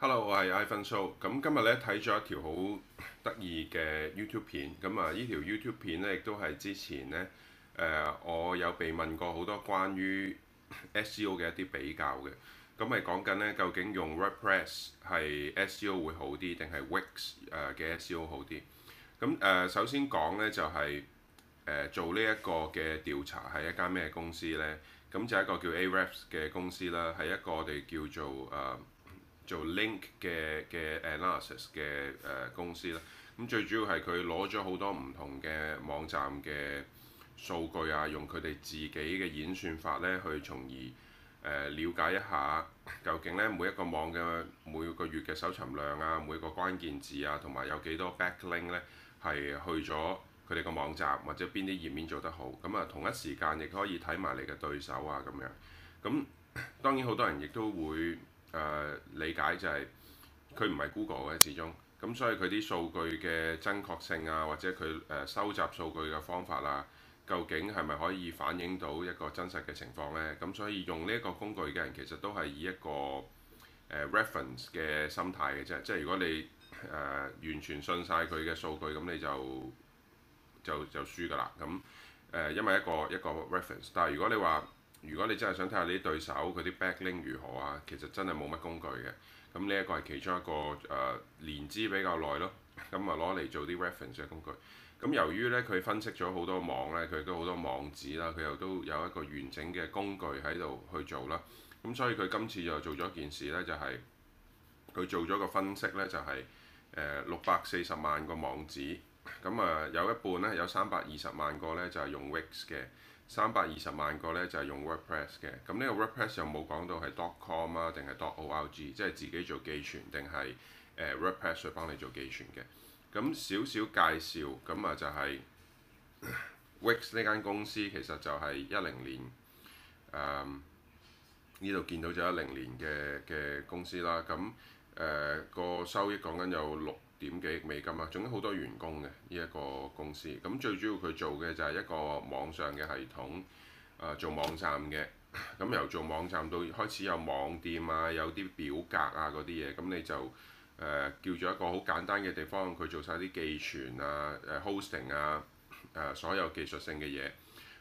Hello，我係 Ivan So。咁今日咧睇咗一條好得意嘅 YouTube 片。咁啊，條呢條 YouTube 片咧亦都係之前咧，誒、呃、我有被問過好多關於 SEO 嘅一啲比較嘅。咁咪講緊咧，究竟用 WordPress 係 SEO 會好啲，定係 Wix 誒嘅 SEO 好啲？咁誒、呃，首先講咧就係、是、誒、呃、做呢一個嘅調查係一間咩公司咧？咁就一個叫 Ahrefs 嘅公司啦，係一個我哋叫做誒。呃做 link 嘅嘅 analysis 嘅誒公司啦，咁、呃、最主要係佢攞咗好多唔同嘅網站嘅數據啊，用佢哋自己嘅演算法咧，去從而誒瞭、呃、解一下究竟咧每一個網嘅每個月嘅搜尋量啊，每個關鍵字啊，同埋有幾多 backlink 咧係去咗佢哋個網站或者邊啲頁面做得好，咁、嗯、啊同一時間亦可以睇埋你嘅對手啊咁樣，咁、嗯、當然好多人亦都會。誒、呃、理解就係、是、佢唔係 Google 嘅，始終咁所以佢啲數據嘅真確性啊，或者佢誒、呃、收集數據嘅方法啊，究竟係咪可以反映到一個真實嘅情況呢？咁所以用呢一個工具嘅人其實都係以一個誒、呃、reference 嘅心態嘅啫，即係如果你誒、呃、完全信晒佢嘅數據，咁你就就就輸㗎啦。咁誒、呃、因為一個一個 reference，但係如果你話，如果你真係想睇下你啲對手佢啲 backlink 如何啊，其實真係冇乜工具嘅。咁呢一個係其中一個誒，年資比較耐咯。咁啊，攞嚟做啲 reference 嘅工具。咁由於呢，佢分析咗好多網呢，佢都好多網址啦，佢又都有一個完整嘅工具喺度去做啦。咁所以佢今次又做咗件事呢，就係佢做咗個分析呢，就係誒六百四十萬個網址。咁啊，有一半呢，有三百二十萬個呢，就係用 Wix 嘅。三百二十萬個咧，就係用 WordPress 嘅，咁呢個 WordPress 又冇講到係 dot.com 啊定係 dot.org，即係自己做寄存定係誒 WordPress 去幫你做寄存嘅。咁少少介紹，咁啊就係、是、Wix 呢間公司其實就係一零年，嗯呢度見到就一零年嘅嘅公司啦。咁誒、呃，那個收益講緊有六點幾億美金啊！總之好多員工嘅呢一個公司，咁最主要佢做嘅就係一個網上嘅系統、呃，做網站嘅，咁由做網站到開始有網店啊，有啲表格啊嗰啲嘢，咁你就、呃、叫咗一個好簡單嘅地方，佢做晒啲寄存啊、呃、hosting 啊、呃、所有技術性嘅嘢、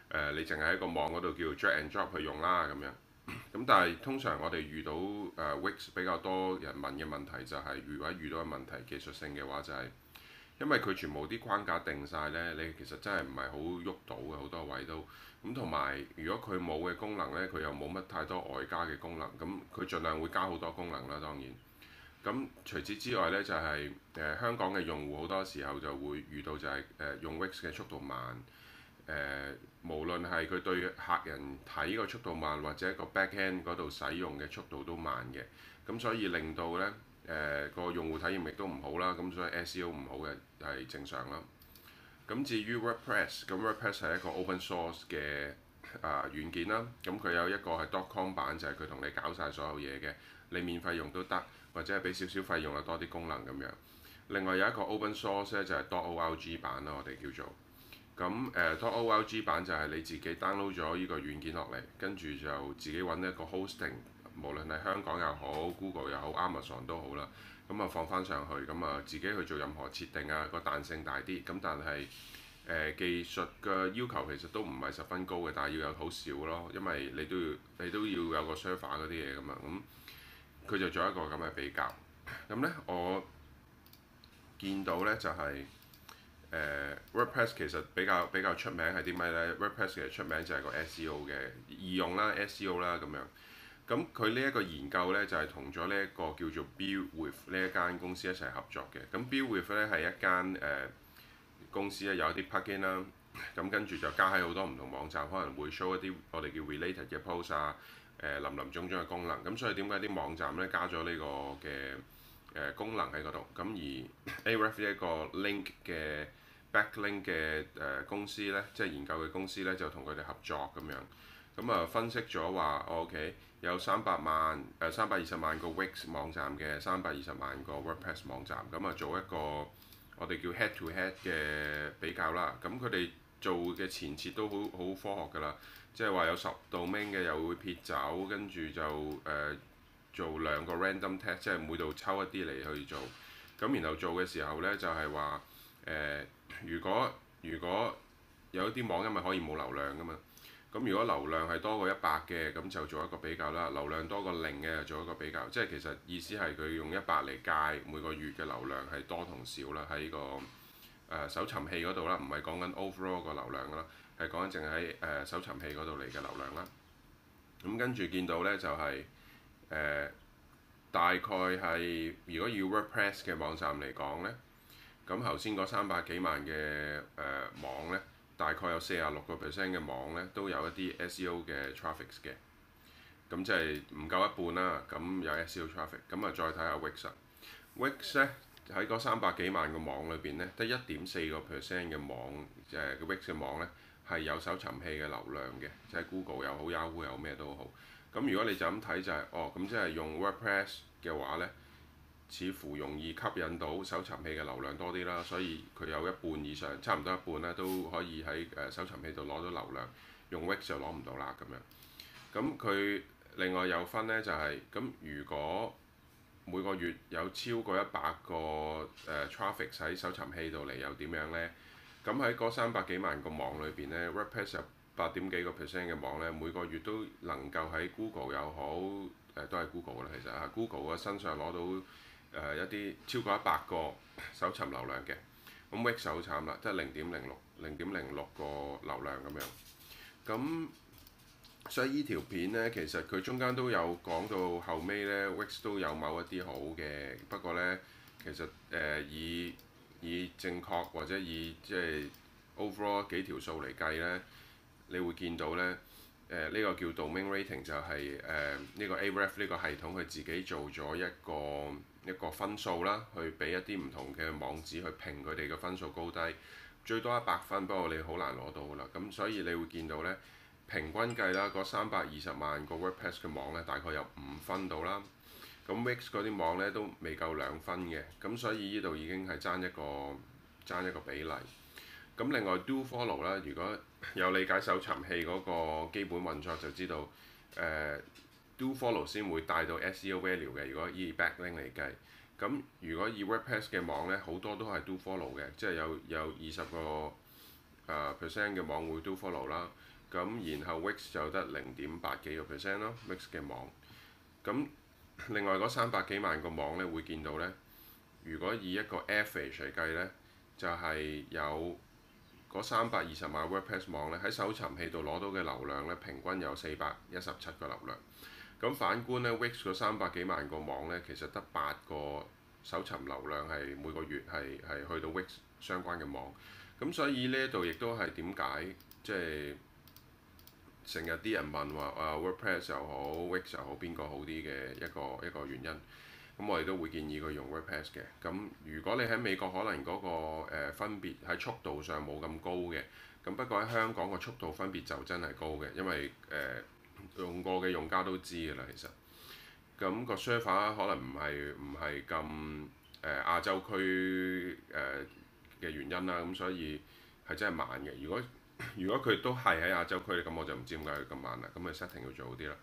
呃，你淨係喺個網嗰度叫 drag and drop 去用啦咁樣。咁但係通常我哋遇到誒、uh, Wix 比較多人問嘅問題就係如果遇到嘅問題技術性嘅話就係、是、因為佢全部啲框架定晒呢，你其實真係唔係好喐到嘅，好多位都咁。同埋如果佢冇嘅功能呢，佢又冇乜太多外加嘅功能，咁佢盡量會加好多功能啦，當然。咁除此之外呢，就係、是、誒、呃、香港嘅用戶好多時候就會遇到就係、是、誒、呃、用 Wix 嘅速度慢。誒，無論係佢對客人睇個速度慢，或者個 backend 嗰度使用嘅速度都慢嘅，咁所以令到咧誒個用戶體驗亦都唔好啦，咁所以 SEO 唔好嘅係正常啦。咁至於 WordPress，咁 WordPress 係一個 open source 嘅啊軟件啦，咁佢有一個係 dotcom 版，就係佢同你搞晒所有嘢嘅，你免費用都得，或者係俾少少費用又多啲功能咁樣。另外有一個 open source 咧就係、是、dotorg 版啦，我哋叫做。咁誒，當 O L G 版就係你自己 download 咗呢個軟件落嚟，跟住就自己揾一個 hosting，無論係香港又好、Google 又好、Amazon 都好啦。咁啊放翻上去，咁啊自己去做任何設定啊，個彈性大啲。咁但係、呃、技術嘅要求其實都唔係十分高嘅，但係要有好少咯，因為你都要你都要有個 server 嗰啲嘢噶嘛。咁佢就做一個咁嘅比較。咁呢，我見到呢就係、是。誒、uh, WordPress 其實比較比較出名係啲咩呢？WordPress 其實出名就係個 SEO 嘅易用啦、SEO 啦咁樣。咁佢呢一個研究呢，就係同咗呢一個叫做 Bill With 呢一間公司一齊合作嘅。咁 Bill With 咧係一間誒、呃、公司咧，有啲 plugin 啦。咁跟住就加喺好多唔同網站，可能會 show 一啲我哋叫 related 嘅 post 啊、林林總總嘅功能。咁所以點解啲網站呢，加咗呢個嘅？誒、呃、功能喺嗰度，咁而 Ahrefs 呢一個 link 嘅 backlink 嘅誒、呃、公司呢，即係研究嘅公司呢，就同佢哋合作咁樣，咁、呃、啊分析咗話、哦、OK 有三百萬誒三百二十萬個 Wix 網站嘅三百二十萬個 WordPress 網站，咁、呃、啊做一個我哋叫 head to head 嘅比較啦，咁佢哋做嘅前設都好好科學㗎啦，即係話有十度 main 嘅又會撇走，跟住就誒、呃做兩個 random test，即係每度抽一啲嚟去做，咁然後做嘅時候呢，就係話誒，如果如果有一啲網因為可以冇流量噶嘛，咁如果流量係多過一百嘅，咁就做一個比較啦。流量多過零嘅做一個比較，即係其實意思係佢用一百嚟計每個月嘅流量係多同少啦，喺、這個誒、呃、搜尋器嗰度啦，唔係講緊 overall 個流量啦，係講緊淨喺誒搜尋器嗰度嚟嘅流量啦。咁跟住見到呢，就係、是。誒、呃、大概係如果要 WordPress 嘅網站嚟講咧，咁頭先嗰三百幾萬嘅誒、呃、網咧，大概有四十六個 percent 嘅網咧都有一啲 SEO 嘅 traffics 嘅，咁即係唔夠一半啦。咁有 SEO traffic，咁啊再睇下 Wix Yeah.。Wix 咧喺嗰三百幾萬個網裏邊咧，得一點四個 percent 嘅網誒嘅 Wix 嘅網咧係有搜尋器嘅流量嘅，即、就、係、是、Google 又好 Yahoo 又好咩都好。咁如果你就咁睇就係、是、哦，咁即係用 WordPress 嘅話呢，似乎容易吸引到搜尋器嘅流量多啲啦，所以佢有一半以上，差唔多一半啦，都可以喺誒搜尋器度攞到流量，用 Wix 就攞唔到啦咁樣。咁佢另外有分呢，就係、是，咁如果每個月有超過一百個誒、uh, traffic 喺搜尋器度嚟，又點樣呢？咁喺嗰三百幾萬個網裏邊呢，WordPress 又八點幾個 percent 嘅網咧，每個月都能夠喺 Google 又好，誒、呃、都係 Google 啦。其實啊，Google 嘅身上攞到誒、呃、一啲超過一百個搜尋流量嘅，咁 Wix 好慘啦，即係零點零六、零點零六個流量咁樣。咁所以依條片咧，其實佢中間都有講到後尾咧，Wix 都有某一啲好嘅，不過咧其實誒、呃、以以正確或者以即係、就是、overall 幾條數嚟計咧。你會見到咧，誒、呃、呢、這個叫 Domain Rating 就係誒呢個 Ahrefs 呢個系統佢自己做咗一個一個分數啦，去俾一啲唔同嘅網址去評佢哋嘅分數高低，最多一百分，不過你好難攞到噶啦，咁所以你會見到咧，平均計啦，嗰三百二十萬個 WordPress 嘅網咧大概有五分到啦，咁 Wix 嗰啲網咧都未夠兩分嘅，咁所以呢度已經係爭一個爭一個比例。咁另外 do follow 啦，如果有理解搜尋器嗰個基本運作，就知道、呃、do follow 先會帶到 SEO value 嘅。如果以 backlink 嚟計，咁如果以 WordPress 嘅網咧，好多都係 do follow 嘅，即係有有二十個 percent 嘅網會 do follow 啦。咁然後 Wix 就得零點八幾個 percent 咯，Wix 嘅網。咁另外嗰三百幾萬個網咧，會見到咧，如果以一個 average 嚟計咧，就係、是、有。嗰三百二十萬 WordPress 網咧，喺搜尋器度攞到嘅流量咧，平均有四百一十七個流量。咁反觀咧 Wix 嗰三百幾萬個網咧，其實得八個搜尋流量係每個月係係去到 Wix 相關嘅網。咁所以呢一度亦都係點解即係成日啲人問話，啊 WordPress 又好 Wix 又好，邊個好啲嘅一個一個原因。咁我哋都會建議佢用 repass 嘅。咁如果你喺美國可能嗰、那個、呃、分別喺速度上冇咁高嘅。咁不過喺香港個速度分別就真係高嘅，因為誒、呃、用過嘅用家都知㗎啦，其實。咁、那個 server 可能唔係唔係咁誒亞洲區誒嘅原因啦，咁所以係真係慢嘅。如果如果佢都係喺亞洲區，咁、呃、我就唔知、那個、點解佢咁慢啦。咁咪 setting 要做好啲啦。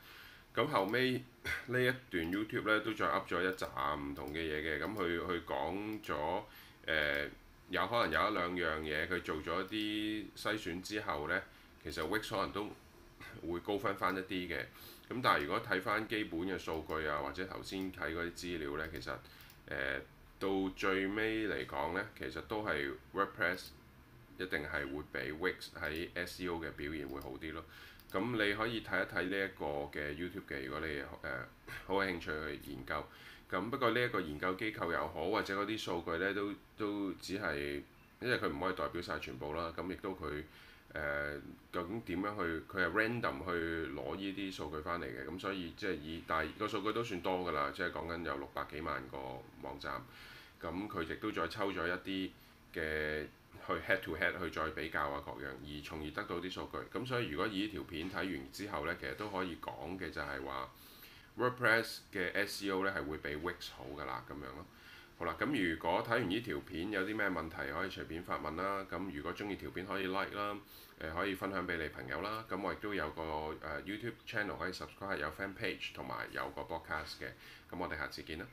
咁後尾呢一段 YouTube 咧都再 up 咗一集唔同嘅嘢嘅，咁佢佢講咗誒有可能有一兩樣嘢佢做咗啲篩選之後咧，其實 Wix 可能都會高分翻一啲嘅。咁但係如果睇翻基本嘅數據啊，或者頭先睇嗰啲資料咧，其實誒、呃、到最尾嚟講咧，其實都係 WordPress 一定係會比 Wix 喺 SEO 嘅表現會好啲咯。咁你可以睇一睇呢一個嘅 YouTube 嘅，如果你誒好、呃、有興趣去研究。咁不過呢一個研究機構又好，或者嗰啲數據呢都都只係，因為佢唔可以代表晒全部啦。咁亦都佢誒、呃、究竟點樣去？佢係 random 去攞呢啲數據翻嚟嘅。咁所以即係以大個數據都算多㗎啦，即係講緊有六百幾萬個網站。咁佢亦都再抽咗一啲嘅。去 head to head 去再比較啊，各樣，而從而得到啲數據。咁所以如果以呢條片睇完之後呢，其實都可以講嘅就係話，WordPress 嘅 SEO 呢，係會比 Wix 好噶啦咁樣咯。好啦，咁如果睇完呢條片有啲咩問題，可以隨便發問啦。咁如果中意條片可以 like 啦，誒可以分享俾你朋友啦。咁我亦都有個、呃、YouTube channel 可以 subscribe，有 fan page 同埋有，有個 podcast 嘅。咁我哋下次見啦。